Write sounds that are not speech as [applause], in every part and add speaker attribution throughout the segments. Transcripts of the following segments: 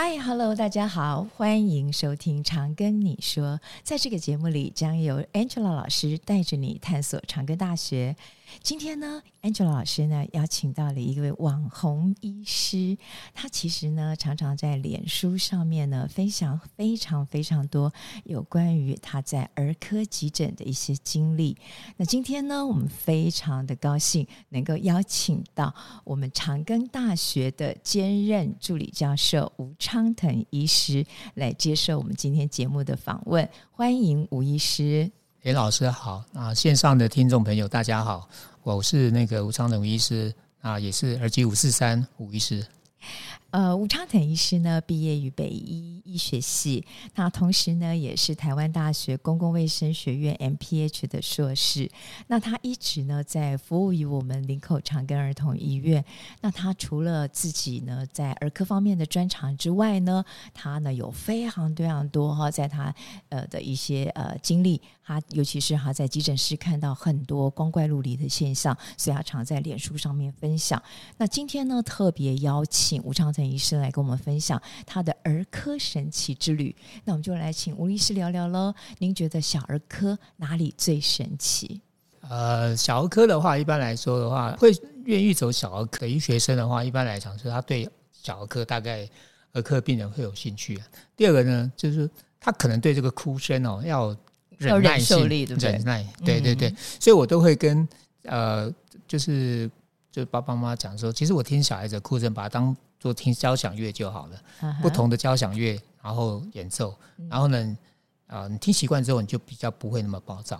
Speaker 1: Hi，Hello，大家好，歡迎收聽《長庚，你說》。在這個節目裡，將由 Angela 老師帶着你探索長庚大學。今天呢，Angela 老師呢邀請到了一位網紅醫師，他其實呢常常在臉書上面呢分享非常非常多有關於他在兒科急診的一些經歷。那今天呢，我們非常的高興能夠邀請到我們長庚大學的兼任助理教授吳昌騰醫師來接受我們今天節目的訪問，歡迎吳醫師。哎、欸，
Speaker 2: 老師好！啊，線上的聽眾朋友大家好，我是那個吳昌騰醫師，啊，也是兒急五四三吳醫師。
Speaker 1: 呃，吳昌騰醫師呢，畢業於北醫醫學系，那同時呢，也是臺灣大學公共衛生學院 MPH 的碩士。那他一直呢，在服務於我們林口長庚兒童醫院。那他除了自己呢，在兒科方面的專長之外呢，他呢有非常非常多哈，在他呃的一些呃經歷，他尤其是哈在急診室看到很多光怪陸離的現象，所以他常在臉書上面分享。那今天呢，特別邀請吳昌。騰醫生來跟我們分享他的兒科神奇之旅，那我們就來請吳醫師聊聊嘍。您覺得小兒科哪裡最神奇？
Speaker 2: 呃，小兒科的話，一般來說的話，會願意走小兒科醫學生的話，一般來講是他對小兒科大概兒科病人會有興趣啊。第二個呢，就是他可能對這個哭聲哦要有忍耐性，要忍受力對不對？忍耐，對對對。嗯，所以我都會跟呃，就是就是爸爸媽媽講說，其實我聽小孩子哭聲，把它當。做聽交響樂就好了，uh huh. 不同的交響樂，然後演奏，然後呢，啊、嗯呃，你聽習慣之後，你就比較不會那麼暴躁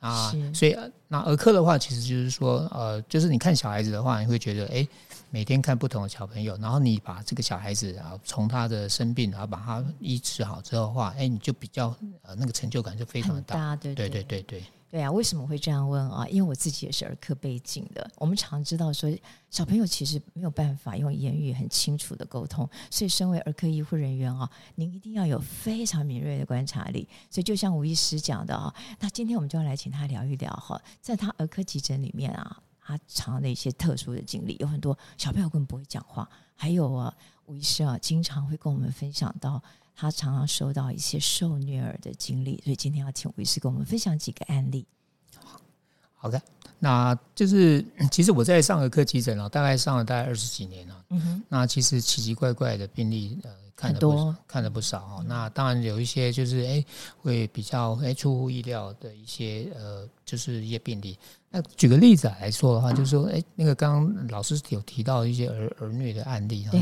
Speaker 2: 啊。呃、是所以那兒科的話，其實就是說，呃，就是你看小孩子的話，你會覺得，哎、欸，每天看不同的小朋友，然後你把這個小孩子啊，從他的生病，然後把他醫治好之後的話，哎、欸，你就比較呃，那個成就感就非常的大，大，對對對對，對對。
Speaker 1: 對啊，為什麼會這樣問啊？因為我自己也是兒科背景的，我們常知道說小朋友其實沒有辦法用言語很清楚的溝通，所以身為兒科醫護人員啊，您一定要有非常敏銳的觀察力。所以就像吳醫師講的啊，那今天我們就要來請他聊一聊哈，在他兒科急診裡面啊，他常常的一些特殊的經歷，有很多小朋友根本不會講話，還有啊，吳醫師啊經常會跟我們分享到。他常常收到一些受虐兒的經歷，所以今天要請吳醫師跟我們分享幾個案例。好，
Speaker 2: 好的。那就是其實我在上兒科急診了，大概上了大概二十幾年
Speaker 1: 了。嗯、哼
Speaker 2: 那其實奇奇怪怪的病例呃，看得多，看了不少。那當然有一些就是誒、欸、會比較誒、欸、出乎意料的一些呃，就是一些病例。那舉個例子來說的話，嗯、就是說誒、欸、那個剛剛老師有提到一些兒兒虐的案例哈對。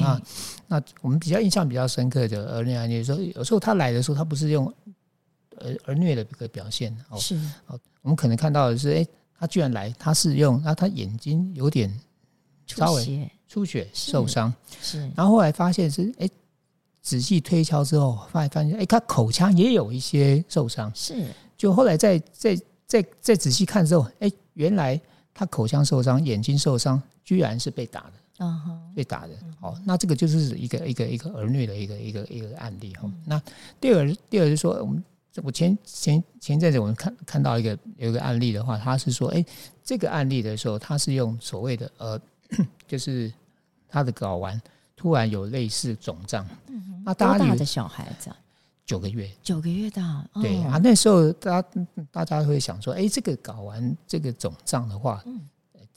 Speaker 2: 那我們比較印象比較深刻的兒虐案例，說有時候他來的時候，他不是用兒兒虐的一個表現哦，是哦，我們可能看到的是誒、欸他居然來，他是用，然後他眼睛有點稍微出血，出血受傷傷，是，然後後來發現是，哎，仔細推敲之後，發現發現，哎，他口腔也有一些受傷，是，就後來再再再再仔細看之後，哎，原來他口腔受傷、眼睛受傷，居然是被打的，嗯
Speaker 1: 哼、uh，huh.
Speaker 2: 被打的，uh huh. 哦，那這個就是一個、uh huh. 一個一個兒虐的一個一個一個案例哈。Uh huh. 那第二第二就是說我們。這我前前前陣子我們看看到一個有一個案例的話，他是說，哎，這個案例的時候，他是用所謂的呃，就是他的睾丸突然有類似腫脹，
Speaker 1: 那、啊、大家以為多大的
Speaker 2: 小孩子、啊、九個月，九個月大，哦、對啊，那時候大家大家會想說，哎，這個睾丸這個腫脹的話，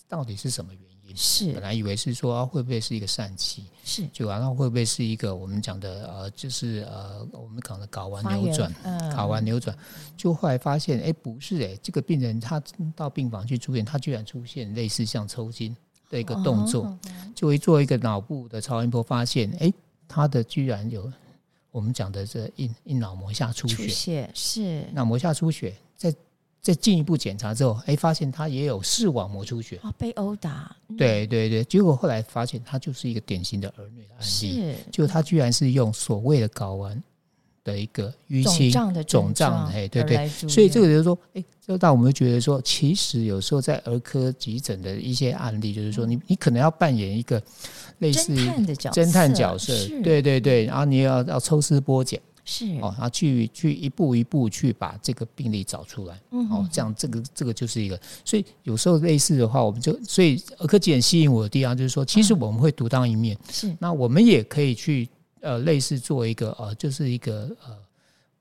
Speaker 2: 到底是什麼原因？也是，本來以為是說、啊、會不會是一個疝氣，是就然、啊、後會不會是一個我們講的呃，就是呃我們講的睪丸扭轉，嗯、睪丸扭轉，就後來發現哎、欸、不是哎、欸，這個病人他到病房去住院，他居然出現類似像抽筋的一個動作，哦、就會做一個腦部的超音波，發現哎、欸、他的居然有我們講的這硬硬腦膜下出血，出血是腦膜下出血。在進一步檢查之後，哎、欸，發現他也有視網膜出血。
Speaker 1: 哦、被毆打？嗯、對
Speaker 2: 對對。結果後來發現，他就是一個典型的兒虐的案例。是。就他居然是用所謂的睾丸的一個淤青、腫脹的，哎障、欸，對不對，對？所以這個就是說，欸、這就讓我們覺得說，其實有時候在兒科急診的一些案例，就是說，嗯、你你可能要扮演一個類似於偵探的角色，對對對，啊，你要要抽絲剝繭。是啊、哦，然後去去一步一步去把這個病例找出來，嗯哼，哦，這樣這個這個就是一個，所以有時候類似的話，我們就所以兒科急診很吸引我的地方就是說，其實我們會獨當一面，嗯、是，那我們也可以去呃類似做一個呃就是一個呃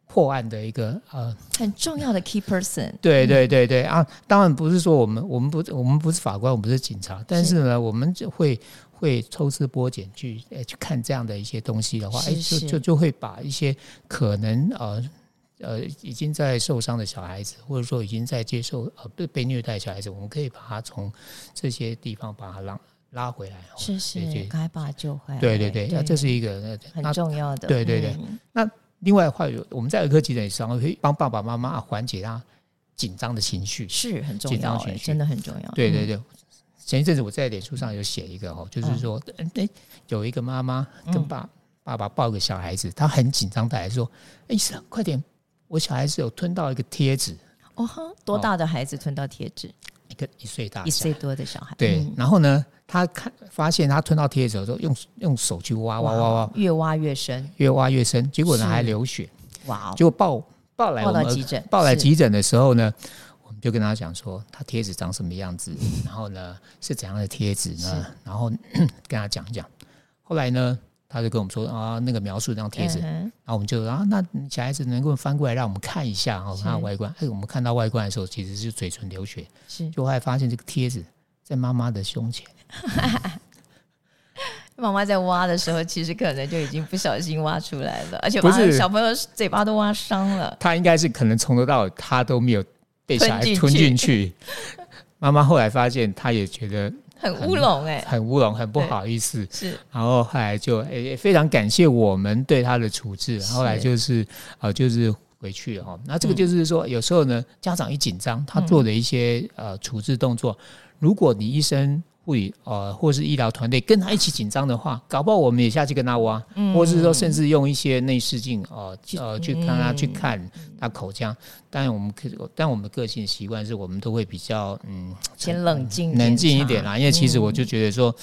Speaker 2: 破案的一個呃
Speaker 1: 很重要的 key person，對對對
Speaker 2: 對，對啊，當然不是說我們我們不我們不是法官，我們是警察，但是呢，是我們就會。會抽絲剝繭去去看這樣的一些東西的話，就就就會把一些可能呃呃已經在受傷的小孩子，或者說已經在接受呃被被虐待的小孩子，我們可以把他從這些地方把他拉拉
Speaker 1: 回來，是是，應該把他救回來。對對對，那這是一個很重要的。對對對，
Speaker 2: 那另外的話，我們在兒科急診醫生，我們可以幫爸爸媽媽緩解他緊張的情緒，是很重要，真的很重要。對對對。前一陣子我在臉書上有寫一個哦，就是說，哎，有一個媽媽跟爸爸爸抱一個小孩子，他很緊張的來說，哎，快點，我小孩子有吞到一個貼紙。
Speaker 1: 哦哈，多大的孩子吞到貼紙？一個一
Speaker 2: 歲大，一歲多
Speaker 1: 的小孩。對，
Speaker 2: 然後呢，他看發現他吞到貼紙的時候，用用手去挖挖挖挖，越，
Speaker 1: 越挖越深，
Speaker 2: 越挖越深，結果呢還流血。哇哦！結果抱
Speaker 1: 抱來，抱到急診，抱來急
Speaker 2: 診的時候呢，就跟他講說，他貼紙長什麼樣子，然後呢是怎樣的貼紙呢？是然後咳咳跟他講講。後來呢，他就跟我們說啊，那個描述這張貼紙，嗯、哼然後我們就啊，那小孩子能夠翻過來讓我們看一下哦，它是的外觀。哎，我們看到外觀的時候，其實是嘴唇流血，是就後來發現這個貼紙在媽媽的胸前。
Speaker 1: 媽媽 [laughs] 在挖的時候，其實可能就已經不小心挖出來了， [laughs] 是而且把小朋友嘴巴都挖傷了。
Speaker 2: 他應該是可能從頭到尾他都沒有。被小孩吞進去，媽媽後來發現，她也覺得
Speaker 1: 很烏龍，哎，很
Speaker 2: 烏龍，欸，很不好意思。是，然後後來就哎，非常感謝我們對他的處置。是後來就是呃，就是回去哦。那這個就是說，有時候呢，家長一緊張，他做的一些，嗯、呃處置動作，如果你醫生護理，呃，或是醫療團隊跟他一起緊張的話，搞不好我們也下去跟他挖，嗯、或是說甚至用一些內視鏡哦呃，呃去看他，嗯、去看。去看他、啊、口腔，但我們可，但我們的個性的習慣是，我們都會比較
Speaker 1: 嗯，先冷靜冷靜一點啦。嗯、因為其實我
Speaker 2: 就覺得說，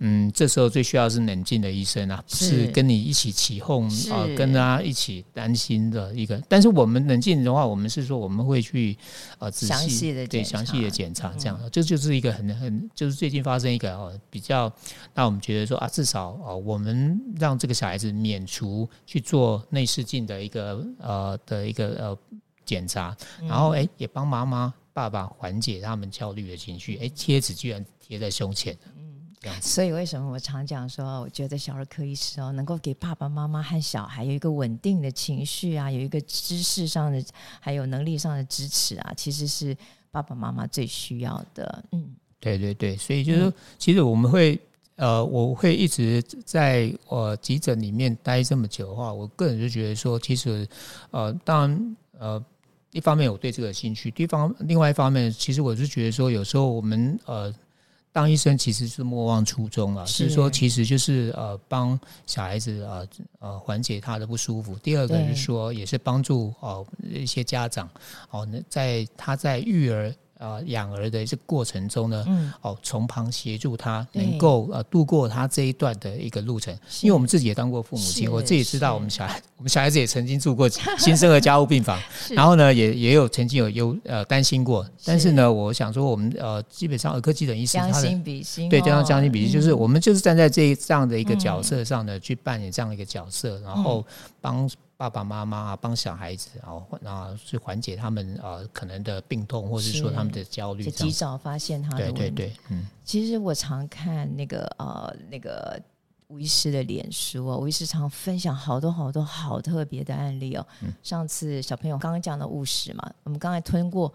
Speaker 2: 嗯，這時候最需要是冷靜的醫生啊，是，不是跟你一起起哄啊是、呃，跟他一起擔心的一個。但是我們冷靜的話，我們是說我們會去呃仔細的對詳細的檢查，這樣。這就，就是一個很很就是最近發生一個哦、呃、比較，那我們覺得說啊，至少啊、呃，我們讓這個小孩子免除去做內視鏡的一個呃的一個。呃，檢查，然後哎，也幫媽媽、爸爸緩解他們焦慮的情緒。哎，貼紙居然貼在胸前，嗯，這
Speaker 1: 樣子。所以為什麼我常講說，我覺得小兒科醫師哦，能夠給爸爸媽媽和小孩有一個穩定的情緒啊，有一個知識上的，還有能力上的支持啊，其實是爸爸媽媽最需要的。
Speaker 2: 嗯，對對對，所以就是，嗯、其實我們會。呃，我會一直在呃急診裡面待這麼久的話，我個人就覺得說，其實，呃，當呃，一方面我對這個有興趣，對方另外一方面，其實我是覺得說，有時候我們呃當醫生其實是莫忘初衷啊，是說、啊、其實就是呃幫小孩子啊呃緩解他的不舒服。第二個是說，對也是幫助哦、呃、一些家長哦、呃、在他在育兒。呃，養兒的這過程中呢，哦，從旁協助他，能夠呃度過他這一段的一個路程。因為我們自己也當過父母親，我自己知道，我們小孩，我們小孩子也曾經住過新生兒加護病房，然後呢，也也有曾經有有呃擔心過。但是呢，我想說，我們呃基本上兒科急診醫生，將心比心，對，將將心比心，就是我們就是站在這一這樣的一個角色上呢，去扮演這樣一個角色，然後幫。爸爸媽媽啊，幫小孩子哦，那去緩解他們啊、呃、可能的病痛，或是說他們的焦慮，及早
Speaker 1: 發現他的對對對。嗯，其實我常看那個呃那個吳醫師的臉書哦，吳醫師常分享好多好多好特別的案例哦。嗯、上次小朋友剛剛講的誤食嘛，我們剛才吞過。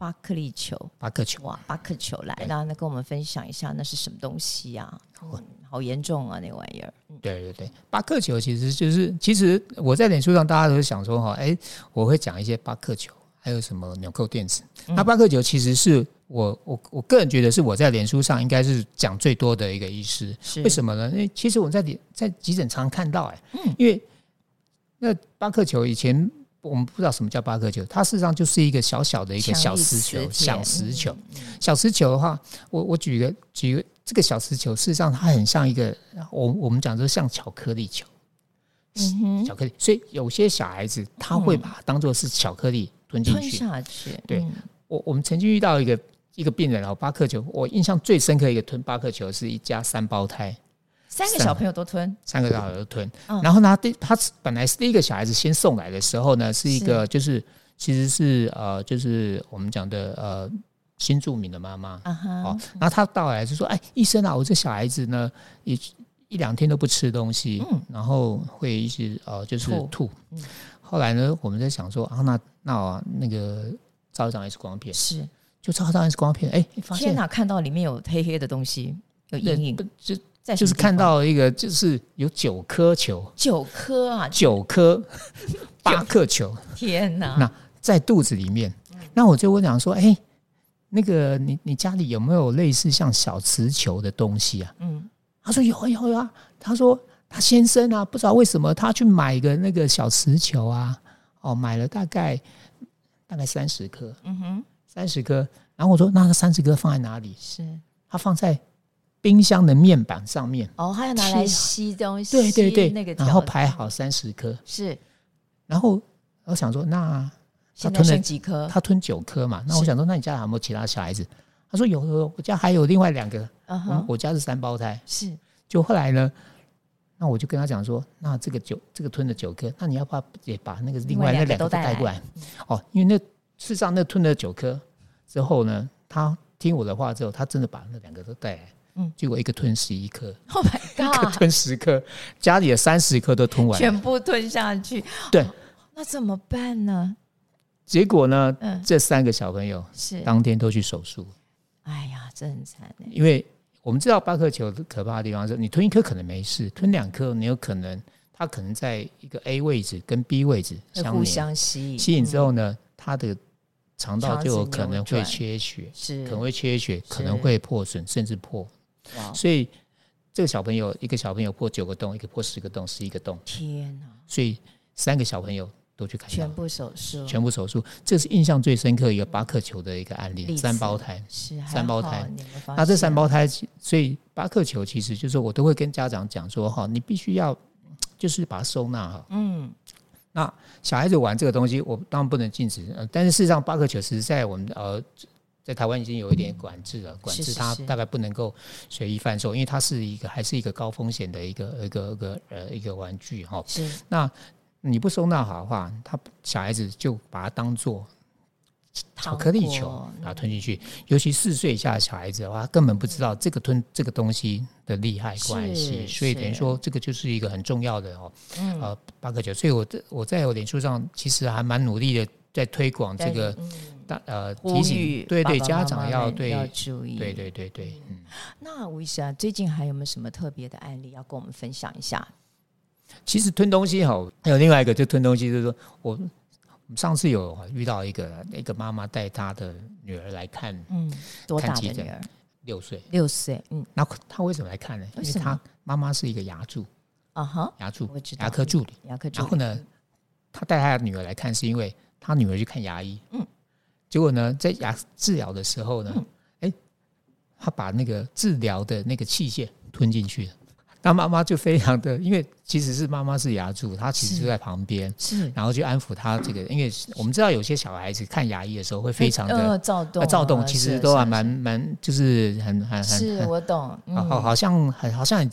Speaker 1: 巴克利球，巴克球啊，巴克球，來那對那跟我們分享一下，那是什麼東西啊？嗯、好嚴重啊，那個、玩意兒。對對對，
Speaker 2: 巴克球其實就是，其實我在臉書上，大家都會想說哈，哎、欸，我會講一些巴克球，還有什麼紐扣電池。嗯、那巴克球其實是我我我個人覺得是我在臉書上應該是講最多的一個醫師，是為什麼呢？因為其實我在臉在急診常，常看到哎、欸，嗯、因為那巴克球以前。我們不知道什麼叫巴克球，它事實上就是一個小小的一個小石球，小石球。小石球的話，我我舉個舉個這個小石球事實上它很像一個，對我我們講說像巧克力球，嗯
Speaker 1: 哼巧
Speaker 2: 克力。所以有些小孩子他會把它當做是巧克力吞進去，吞下去、嗯。對，我我們曾經遇到一個一個病人了巴克球，我印象最深刻一個吞巴克球是一家三胞胎。
Speaker 1: 三個小朋友都吞，
Speaker 2: 三個小朋友都吞。嗯、然後呢，第他本來是第一個小孩子先送來的時候呢，是一個就是，是其實是呃就是我們講的呃新住民的媽媽啊哈、哦。然後他到來就說：“哎、欸，醫生啊，我這小孩子呢一一兩天都不吃東西，嗯、然後會一直呃就是吐，吐、嗯、後來呢，我們在想說：“啊，那那、啊那，啊、那個照張 X 光片是就照張 X 光片，
Speaker 1: 哎是，欸、天哪、啊，看到裡面有黑黑的東西，有陰影。”就就是看到
Speaker 2: 一個，就是有九顆球，
Speaker 1: 九顆啊，九
Speaker 2: 顆，八顆球，
Speaker 1: 天哪！那
Speaker 2: 在肚子裡面，那我就問講說，哎，那個你你家裡有沒有類似像小磁球的東西啊？嗯，他說有有、啊、有啊。他說他先生啊，不知道為什麼他去買個那個小磁球啊，哦，買了大概大概三十顆，嗯
Speaker 1: 哼，
Speaker 2: 三十顆。然後我說，那個三十顆放在哪裡？是他放在。冰箱的面板上面哦，他要拿來
Speaker 1: 吸東西，啊、對對對，然後
Speaker 2: 排好三十顆是，然後我想說那
Speaker 1: 他吞了幾顆？
Speaker 2: 他吞九顆嘛。那我想說，是那你家有沒有其他小孩子？他說有，我家還有另外兩個、uh huh 我。我家是三胞胎。是，就後來呢，那我就跟他講說，那這個九這個吞了九顆，那你要不要也把那個另外那兩個帶過來？來嗯、哦，因為那事實上那吞了九顆之後呢，他聽我的話之後，他真的把那兩個都帶來。嗯，結果一個吞十一顆，哦、
Speaker 1: oh，my god，一個吞
Speaker 2: 十顆，家裡的三十顆都吞完了，全
Speaker 1: 部吞下去。對、哦，那怎麼辦呢？
Speaker 2: 結果呢，嗯、這三個小朋友是當天都去手術。
Speaker 1: 哎呀，真慘，因為
Speaker 2: 我們知道巴克球可怕的地方是，你吞一顆可能沒事，吞兩顆你有可能，它可能在一個 A 位置跟 B 位置相互相吸引，嗯、吸引之後呢，它的腸道就可能會缺血，是，可能會缺血，是可能會破損，甚至破。Wow 所以，這個小朋友一個小朋友破九個洞，一個破十個洞，十一個洞。
Speaker 1: 天
Speaker 2: 哪！所以三個小朋友都去看，全部手術，全部手術。這是印象最深刻一個巴克球的一個案例，史三胞胎，三胞胎。有有，那這三胞胎，所以巴克球其實就是我都會跟家長講說哈，你必須要就是把它收納好。嗯。那小孩子玩這個東西，我當然不能禁止。呃、但是事實上，巴克球是在我們呃。在台灣已經有一點管制了，嗯、是是是管制它大概不能夠隨意販售，是是是因為它是一個還是一個高風險的一個一個一個呃一個玩具哈。是那你不收納好的話，他小孩子就把它當做巧克力球，嗯、然後吞進去。尤其四歲以下的小孩子的話，他根本不知道這個吞、嗯、這個東西的厲害關係，是是所以等於說這個就是一個很重要的哦。嗯、呃，巴克球所以我我在我臉書上其實還蠻努力的在推廣這個。呃，提醒對對家長要對要注意，對對對對。
Speaker 1: 那吳醫生最近還有沒有什麼特別的案例要跟我們分享一下？
Speaker 2: 其實吞東西好還有另外一個就吞東西，就是說我上次有遇到一個一個媽媽帶她的女兒來看，嗯，多大的女兒？六歲，
Speaker 1: 六歲，嗯。那她
Speaker 2: 為什麼來看呢？因為她媽媽是一個牙助啊，哈，牙助，牙科助理。牙科。然後呢，她帶她的女兒來看，是因為她女兒去看牙醫，嗯。結果呢，在牙治療的時候呢，哎、嗯欸，他把那個治療的那個器械吞進去了。那媽媽就非常的，因為其實是媽媽是牙助，她其實就在旁邊，是 是 然後就安撫他。這個，因為我們知道有些小孩子看牙醫的時候會非常的躁、欸呃、動，躁、呃、其實都還蠻蠻是，就是很很很，很是我
Speaker 1: 懂。嗯、好，好
Speaker 2: 像好像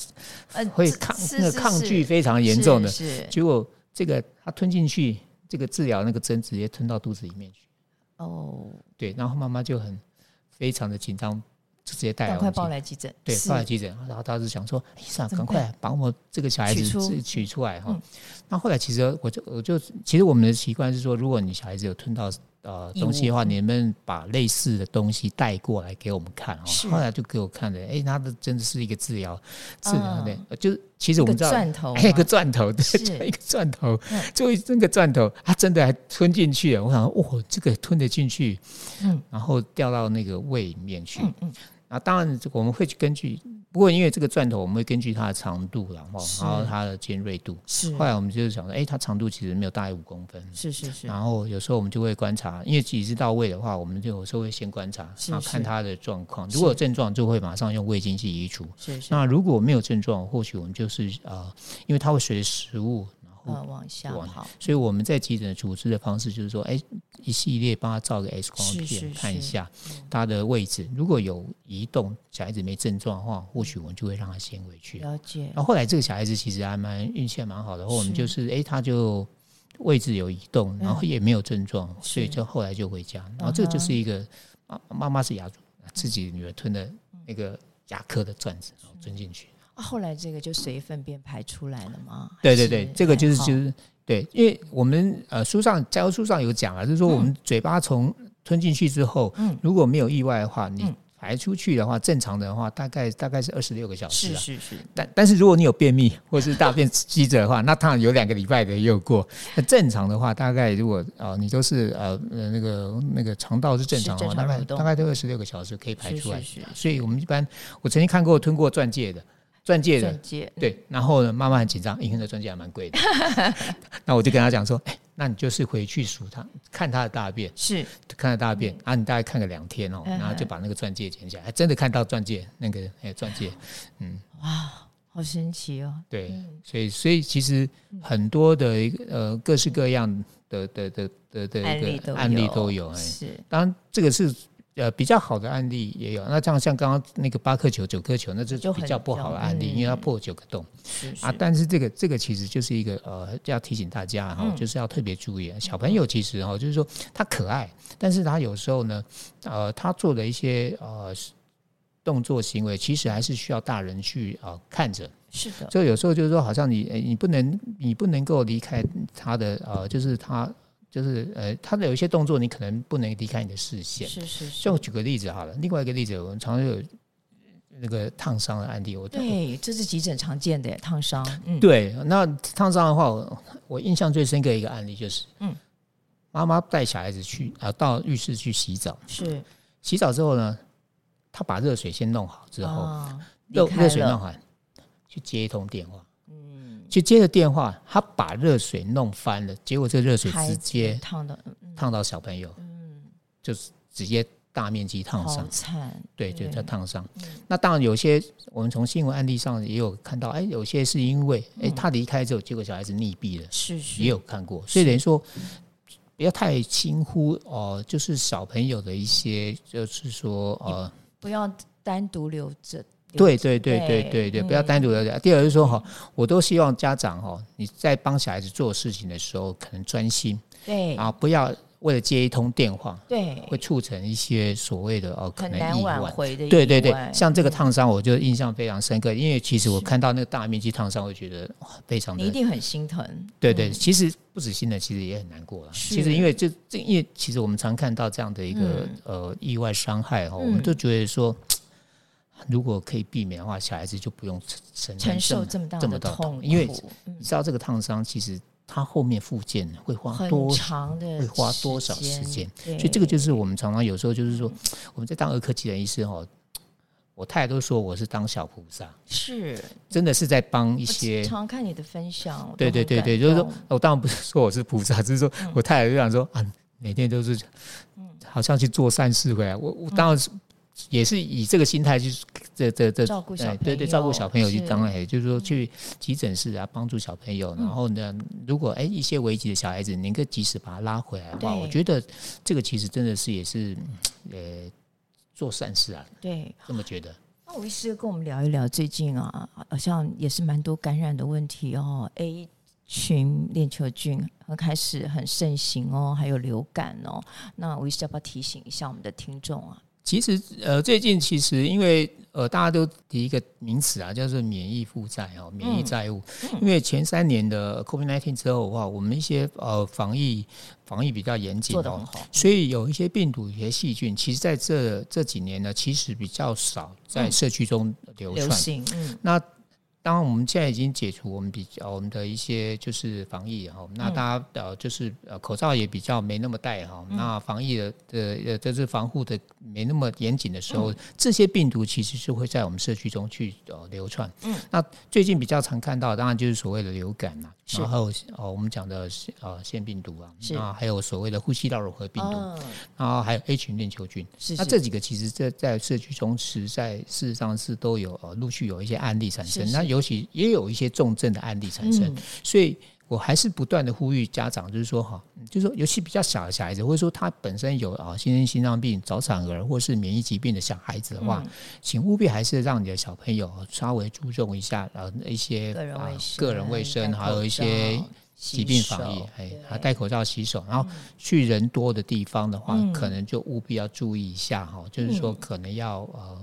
Speaker 1: 很會抗、呃、是是是那個抗拒非常嚴重的。是是是
Speaker 2: 結果這個他吞進去，這個治療那個針直接吞到肚子裡面去。哦，oh, 對，然後媽媽就很非常的緊張，就直接帶來，趕快抱來急診，對，抱是來急診。然後她就想說：“醫生是，趕、哎、呀快把我這個小孩子取出取出來哈。嗯”那後，後來其實我就我就其實我們的習慣是說，如果你小孩子有吞到。呃，東西的話，你們把類似的東西帶過來給我們看哦。是後來就給我看了，哎、欸，那真的是一個治療，
Speaker 1: 治療的，就
Speaker 2: 是其實我們知道，還有個鑽頭、欸、頭，對，是一個鑽頭，就一對那個鑽頭，它真的還吞進去了。我想，哇，這個吞得進去，嗯，然後掉到那個胃裡面去，嗯嗯。啊，當然我們會去根據。不過，因為這個鑽頭，我們會根據它的長度然後，然後它的尖銳度。是後來我們就是想說，哎，它長度其實沒有大於五公分。
Speaker 1: 是是，是然後
Speaker 2: 有時候我們就會觀察，因為即使到胃的話，我們就有時候會先觀察，是是然後看它的狀況。如果有症狀，就會馬上用胃鏡去移除。是是那如果沒有症狀，或許我們就是啊、呃，因為它會隨着食物。啊，往下好，所以我們在急診的處置的方式就是說，哎、欸，一系列幫他照個 X 光片，是是是看一下他的位置，如果有移動，小孩子沒症狀的話，或許我們就會讓他先回
Speaker 1: 去。了解。然後後
Speaker 2: 來這個小孩子其實還蠻運氣還蠻好的，然後我們就是，哎是、欸，他就位置有移動，然後也沒有症狀，嗯、所以就後來就回家。然後這個就是一個媽媽、嗯、是牙醫自己女兒吞的那個牙科的鑽子，然後吞進去。
Speaker 1: 後來這個就隨糞便排出來了嗎？對對對，是這個就是，哦、就是
Speaker 2: 對，因為我們呃書上教書上有講啊，就是說我們嘴巴從吞進去之後，嗯，如果沒有意外的話，你排出去的話，嗯、正常的話大概大概是二十六個小時，啊，是是、是，但但是如果你有便秘或是大便積着的話，嗯、那當然有兩個禮拜的也有過。那正常的話，大概如果啊、呃、你都是呃那個、那個、那個腸道是正常的話，大概大概都二十六個小時可以排出來。是、是、是、是，所以我們一般我曾經看過吞過鑽戒的。鑽戒的，戒嗯、對，然後呢，媽媽很緊張，因為那個鑽戒還蠻貴的。 [laughs] 那我就跟她講說：“哎、欸，那你就是回去數它，看它的大便，是看它大便，嗯、啊，你大概看個兩天哦，然後就把那個鑽戒撿起來，還真的看到鑽戒那個哎、欸，鑽戒，嗯，
Speaker 1: 哇，好神奇哦。
Speaker 2: 對，所以所以其實很多的一個呃各式各樣的的的的的、的案,例、案例都有，是，當然這個是。呃，比較好的案例也有，那這樣像剛剛那個八顆球、九顆球，那就是比較不好的案例，嗯、因為它破九個洞是不是啊？但是這個這個其實就是一個呃，要提醒大家哈，就是要特別注意、嗯、小朋友其實哈，就是說他可愛，但是他有時候呢，呃，他做的一些呃動作行為，其實還是需要大人去啊、呃、看着。是的，所以有時候就是說，好像你、欸、你不能你不能夠離開他的呃，就是他。就是呃，他的有一些動作，你可能不能離開你的視線。是是，是，像我舉個例子好了，另外一個例子，我們常常有那個燙傷的案例。
Speaker 1: 我對，這是急診常見的燙傷。嗯、對，
Speaker 2: 那燙傷的話，我我印象最深刻一個案例就是，嗯，媽媽帶小孩子去啊，到浴室去洗澡。是，是洗澡之後呢，他把熱水先弄好之後，
Speaker 1: 熱熱、哦、水弄
Speaker 2: 好，去接一通電話。就接了電話，他把熱水弄翻了，結果這熱水直接燙燙到小朋友，嗯，就是直接大面積燙傷，嗯嗯、好慘、對，就在燙傷。嗯、那當然，有些我們從新聞案例上也有看到，哎、欸，有些是因為哎、欸、他離開之後，嗯、結果小孩子溺斃了，是，是，也有看過，所以等於說不要、嗯、太輕忽哦、呃，就是小朋友的一些，就是說呃，
Speaker 1: 不要單獨留着。對對對對對對，不要單獨
Speaker 2: 的。第二是說哈，我都希望家長哈，你在幫小孩子做事情的時候，可能專心，對啊，不要為了接一通電話，對，會促成一些所謂的哦，可能意外的。對對對，像這個燙傷，我就印象非常深刻，因為其實我看到那個大面積燙傷，我覺得非常的，你一定
Speaker 1: 很心疼。對對，
Speaker 2: 其實不止心疼，其實也很難過了。其實因為這這，因為其實我們常看到這樣的一個呃意外傷害哈，我們都覺得說。如果可以避免的話，小孩子就不用承承受這麼大的痛苦。因為你知道，這個燙傷其實它後面復健會花多很長的時間，會花多少時間？所以這個就是我們常常有時候就是說，對我們在當兒科急診醫生哦，我太太都說我是當小菩薩，是真的是在幫一些。我常
Speaker 1: 看你的分享，對對對對，就
Speaker 2: 是說，我當然不是說我是菩薩，嗯、只是說我太太就想說、啊，每天都是，好像去做善事回來。我我當然是。嗯也是以這個心態去，這這這，照顧小朋友，對，對對，照顧小朋友去當哎，是就是說去急診室啊，幫助小朋友。嗯、然後呢，如果哎、欸、一些危急的小孩子，能夠及時把他拉回來的話，對我覺得這個其實真的是也是，呃、欸，做善事啊。對，這麼覺得。
Speaker 1: 那吳醫師要跟我們聊一聊最近啊，好像也是蠻多感染的問題哦，A 群鏈球菌開始很盛行哦，還有流感哦。那吳醫師要不要提醒一下我們的聽眾啊？
Speaker 2: 其實，呃，最近其實因為呃，大家都提一個名詞啊，叫做免疫負債哦，免疫債務。嗯、因為前三年的 COVID-19 之後的話，我們一些呃防疫防疫比較嚴謹，哦，做得很好，所以有一些病毒、一些細菌，其實在這這幾年呢，其實比較少在社區中流、嗯。流行嗯，那。當然，我們現在已經解除我們比較我們的一些就是防疫哈，嗯、那大家呃就是呃口罩也比較沒那麼戴哈，嗯、那防疫的的呃這是防護的沒那麼嚴謹的時候，嗯嗯、這些病毒其實是會在我們社區中去呃流竄。嗯。那最近比較常看到，當然就是所謂的流感啊，嗯、然後哦我們講的呃腺病毒啊，是然後還有所謂的呼吸道融合病毒，哦、然後還有 A 群鏈球菌，是,是那這幾個其實這在社區中實在事實上是都有陸續有一些案例產生。是是那有。尤其也有一些重症的案例產生，所以我還是不斷的呼籲家長，就是說哈，就是說，尤其比較小的小孩子，或者說他本身有啊先天心臟病、早產兒，或是免疫疾病的小孩子的話，請務必還是讓你的小朋友稍微注重一下啊一些啊個人衛生，還有一些疾病防疫，哎，戴口罩、洗手，然後去人多的地方的話，可能就務必要注意一下哈，就是說可能要呃。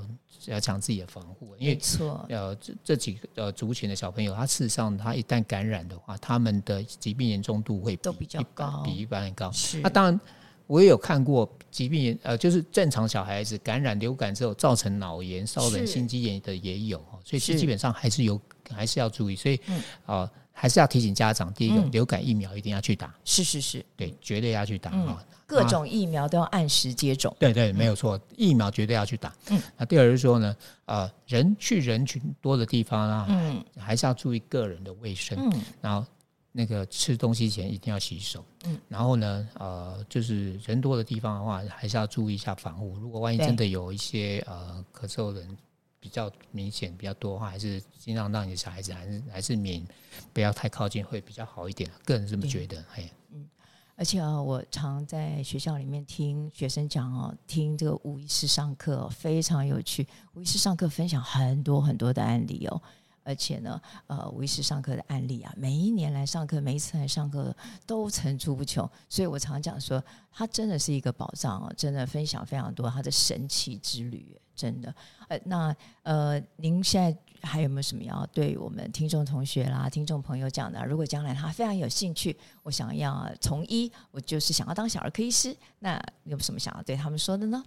Speaker 2: 要強自己的防護，因為錯呃這這幾個呃族群的小朋友，他事實上他一旦感染的話，他們的疾病嚴重度會比較高，比一般人高。那當然，我也有看過疾病，呃，就是正常小孩子感染流感之後造成腦炎、燒人心肌炎的也有，所以基本上還是有，還是要注意。所以，啊。還是要提醒家長，第一個流感疫苗一定要去打，是是是，對，絕對要去打啊，各種疫
Speaker 1: 苗都要按時接種，對
Speaker 2: 對，沒有錯，疫苗絕對要去打。嗯，那第二是說呢，呃，人去人群多的地方啊，嗯，還是要注意個人的衛生，然後那個吃東西前一定要洗手，嗯，然後呢，呃，就是人多的地方的話，還是要注意一下防護。如果萬一真的有一些呃咳嗽的人，比較明顯比較多的話，還是盡量讓你的小孩子還是還是免不要太靠近，會比較好一點。個人這麼覺得，哎對，對嗯，
Speaker 1: 而且啊，我常在學校裡面聽學生講哦，聽這個吳醫師上課非常有趣，吳醫師上課分享很多很多的案例哦，喔。而且呢，呃，吳醫師上課的案例啊，每一年來上課，每一次來上課都層出不窮。所以我常常講說，它真的是一個寶藏啊，真的分享非常多它的神奇之旅，真的。呃，那呃，您現在還有沒有什麼要對我們聽眾同學啦、聽眾朋友講的？如果將來他非常有興趣，我想要從醫，我就是想要當小兒科醫師，那有什麼想要對他們說的呢？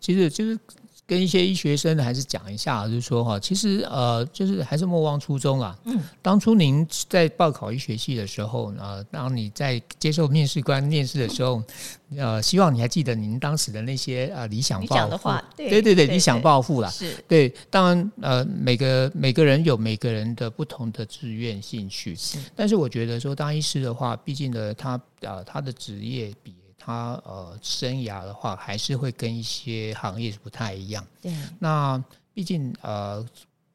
Speaker 2: 其實就是。跟一些醫學生還是講一下，就是說哈，其實呃，就是還是莫忘初衷啊。嗯，當初您在報考醫學系的時候啊，當你在接受面試官面試的時候，呃，希望你還記得您當時的那些呃理想抱負。對對對，理想抱負了。是。對，當然呃，每個每個人有每個人的不同的志願興趣。是。但是我覺得說當醫師的話，畢竟的他呃，他的職業比。他呃，生涯的話，還是會跟一些行業不太一樣。對。那畢竟呃，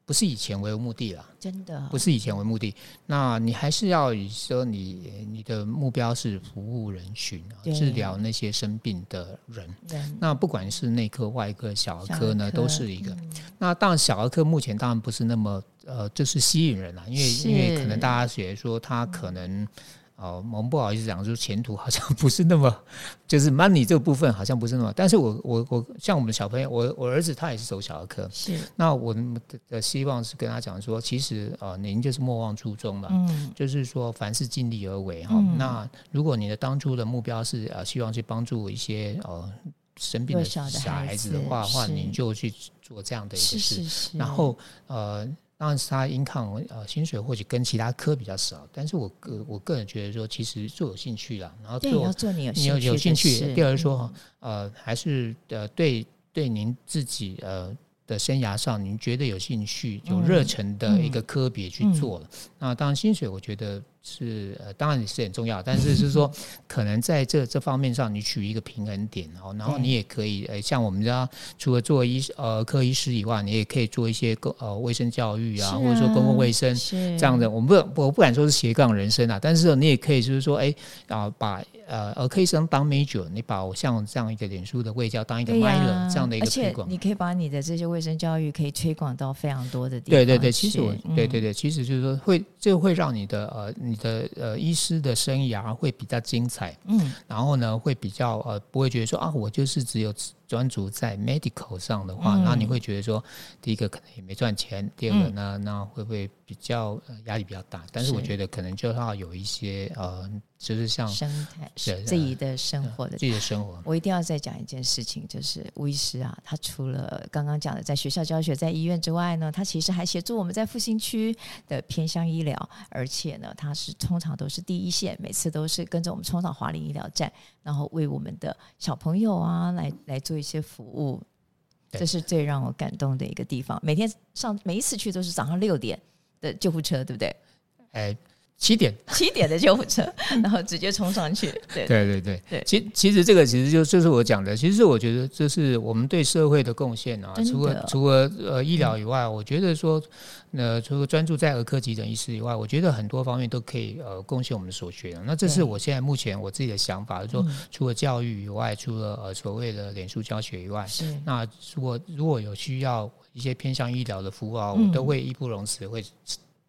Speaker 2: 不是以錢為目的啊，真的不是以錢為目的。那你還是要以說你，你你的目標是服務人群，對治療那些生病的人。人那不管是內科、外科、小兒科呢，顆都是一個。嗯、那當然，小兒科目前當然不是那麼呃，就是吸引人啊，因為是因為可能大家覺得說他可能。哦、呃，我們不好意思講，就是前途好像不是那麼，就是 money 這個部分好像不是那麼。但是我，我我我像我們小朋友，我我兒子他也是走小兒科。是。那我的希望是跟他講說，其實呃您就是莫忘初衷了。嗯、就是說，凡事盡力而為哈。嗯、那如果你的當初的目標是呃希望去幫助一些呃生病的小孩子的話，的話您就去做這樣的一個事。是是是。然後呃。當然是他 income 呃，薪水或許跟其他科比較少，但是我個、呃、我個人覺得說，其實做有興趣啦，然後做你要做你有你有興趣，的有興趣的，第二說、嗯、呃還是呃對對您自己呃的生涯上，您覺得有興趣、嗯、有熱忱的一個科別去做了，嗯嗯、那當然薪水我覺得。是呃，當然也是很重要，但是就是說 [laughs] 可能在這這方面上，你取一個平衡點哦。然後你也可以，哎、呃，像我們家除了做醫呃科醫師以外，你也可以做一些公呃衛生教育啊，啊或者說公共衛生是這樣的。我們不我不敢說是斜槓人生啊，但是、呃、你也可以就是說，哎，啊，把呃呃科醫生當 major，你把我像這樣一個臉書的衛教當一個 minor 這樣的一個推廣。而且
Speaker 1: 你可以把你的這些衛生教育可以推廣到非常多的地方。對對對，其實、嗯、對對
Speaker 2: 對，其實就是說會這會讓你的呃你。的呃，醫師的生涯會比較精彩，嗯，然後呢，會比較呃，不會覺得說啊，我就是只有，專注在 medical 上的話，嗯、那你會覺得說，第一個可能也沒賺錢，第二個呢，嗯、那會不會比較、呃、壓力比較大？但是我覺得可能就要有一些是呃，就是像生態自己的
Speaker 1: 生活的自己的生活。的生活，我一定要再講一件事情，就是吳醫師啊，他除了剛剛講的在學校教學、在醫院之外呢，他其實還協助我們在復興區的偏鄉醫療，而且呢，他是通常都是第一線，每次都是跟着我們衝上華林醫療站。然後為我們的小朋友啊，來來做一些服務，這是最讓我感動的一個地方。每天上每一次去都是早上六點的救護車，對不對？Hey 七點，七點的救護車，然後直接衝上去。對對
Speaker 2: 對 [laughs] 對,對,對，對其其實這個其實就就是我講的，其實我覺得這是我們對社會的貢獻啊真的 除。除了除了呃醫療以外，對 我覺得說呃，除了專注在兒科急診醫師以外，我覺得很多方面都可以呃貢獻我們所學的。那這是我現在目前我自己的想法，對 就是說除了教育以外，除了呃所謂的臉書教學以外，對 那如果如果有需要一些偏向醫療的服務啊，我都會義不容辭會。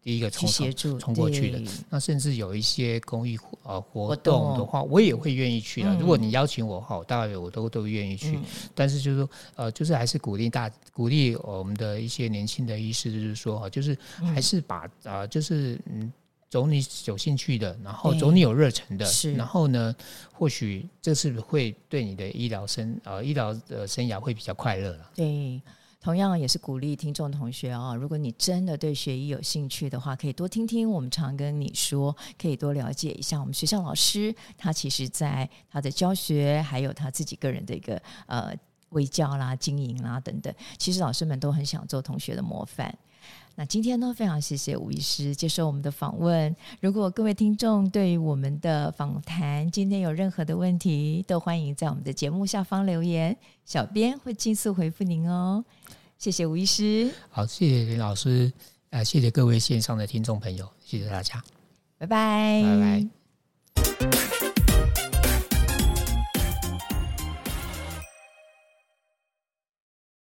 Speaker 2: 第一個沖協助沖過去的，對那甚至有一些公益活呃活動的話，我，懂我也會願意去的。嗯、如果你邀請我好，我大概我都我都，都願意去。嗯、但是就是呃，就是還是鼓勵大鼓勵我們的一些年輕的醫師，就是說就是還是把啊、嗯呃，就是嗯，走你有興趣的，然後走你有熱忱的，是、嗯、然後呢，或許這是會對你的醫療生呃醫療的生涯會比較快樂。
Speaker 1: 對。同樣也是鼓勵聽眾同學哦，如果你真的對學醫有興趣的話，可以多聽聽我們長庚你說，可以多了解一下我們學校老師他其實，在他的教學還有他自己個人的一個呃衛教啦、經營啦等等，其實老師們都很想做同學的模範。那今天呢，非常謝謝吳醫師接受我們的訪問。如果各位聽眾對於我們的訪談今天有任何的問題，都歡迎在我們的節目下方留言，小編會盡速回復您哦。謝謝吳醫師，
Speaker 2: 好，謝謝林老師，呃，謝謝各位線上的聽眾朋友，謝謝大家，拜
Speaker 1: 拜 bye，拜拜。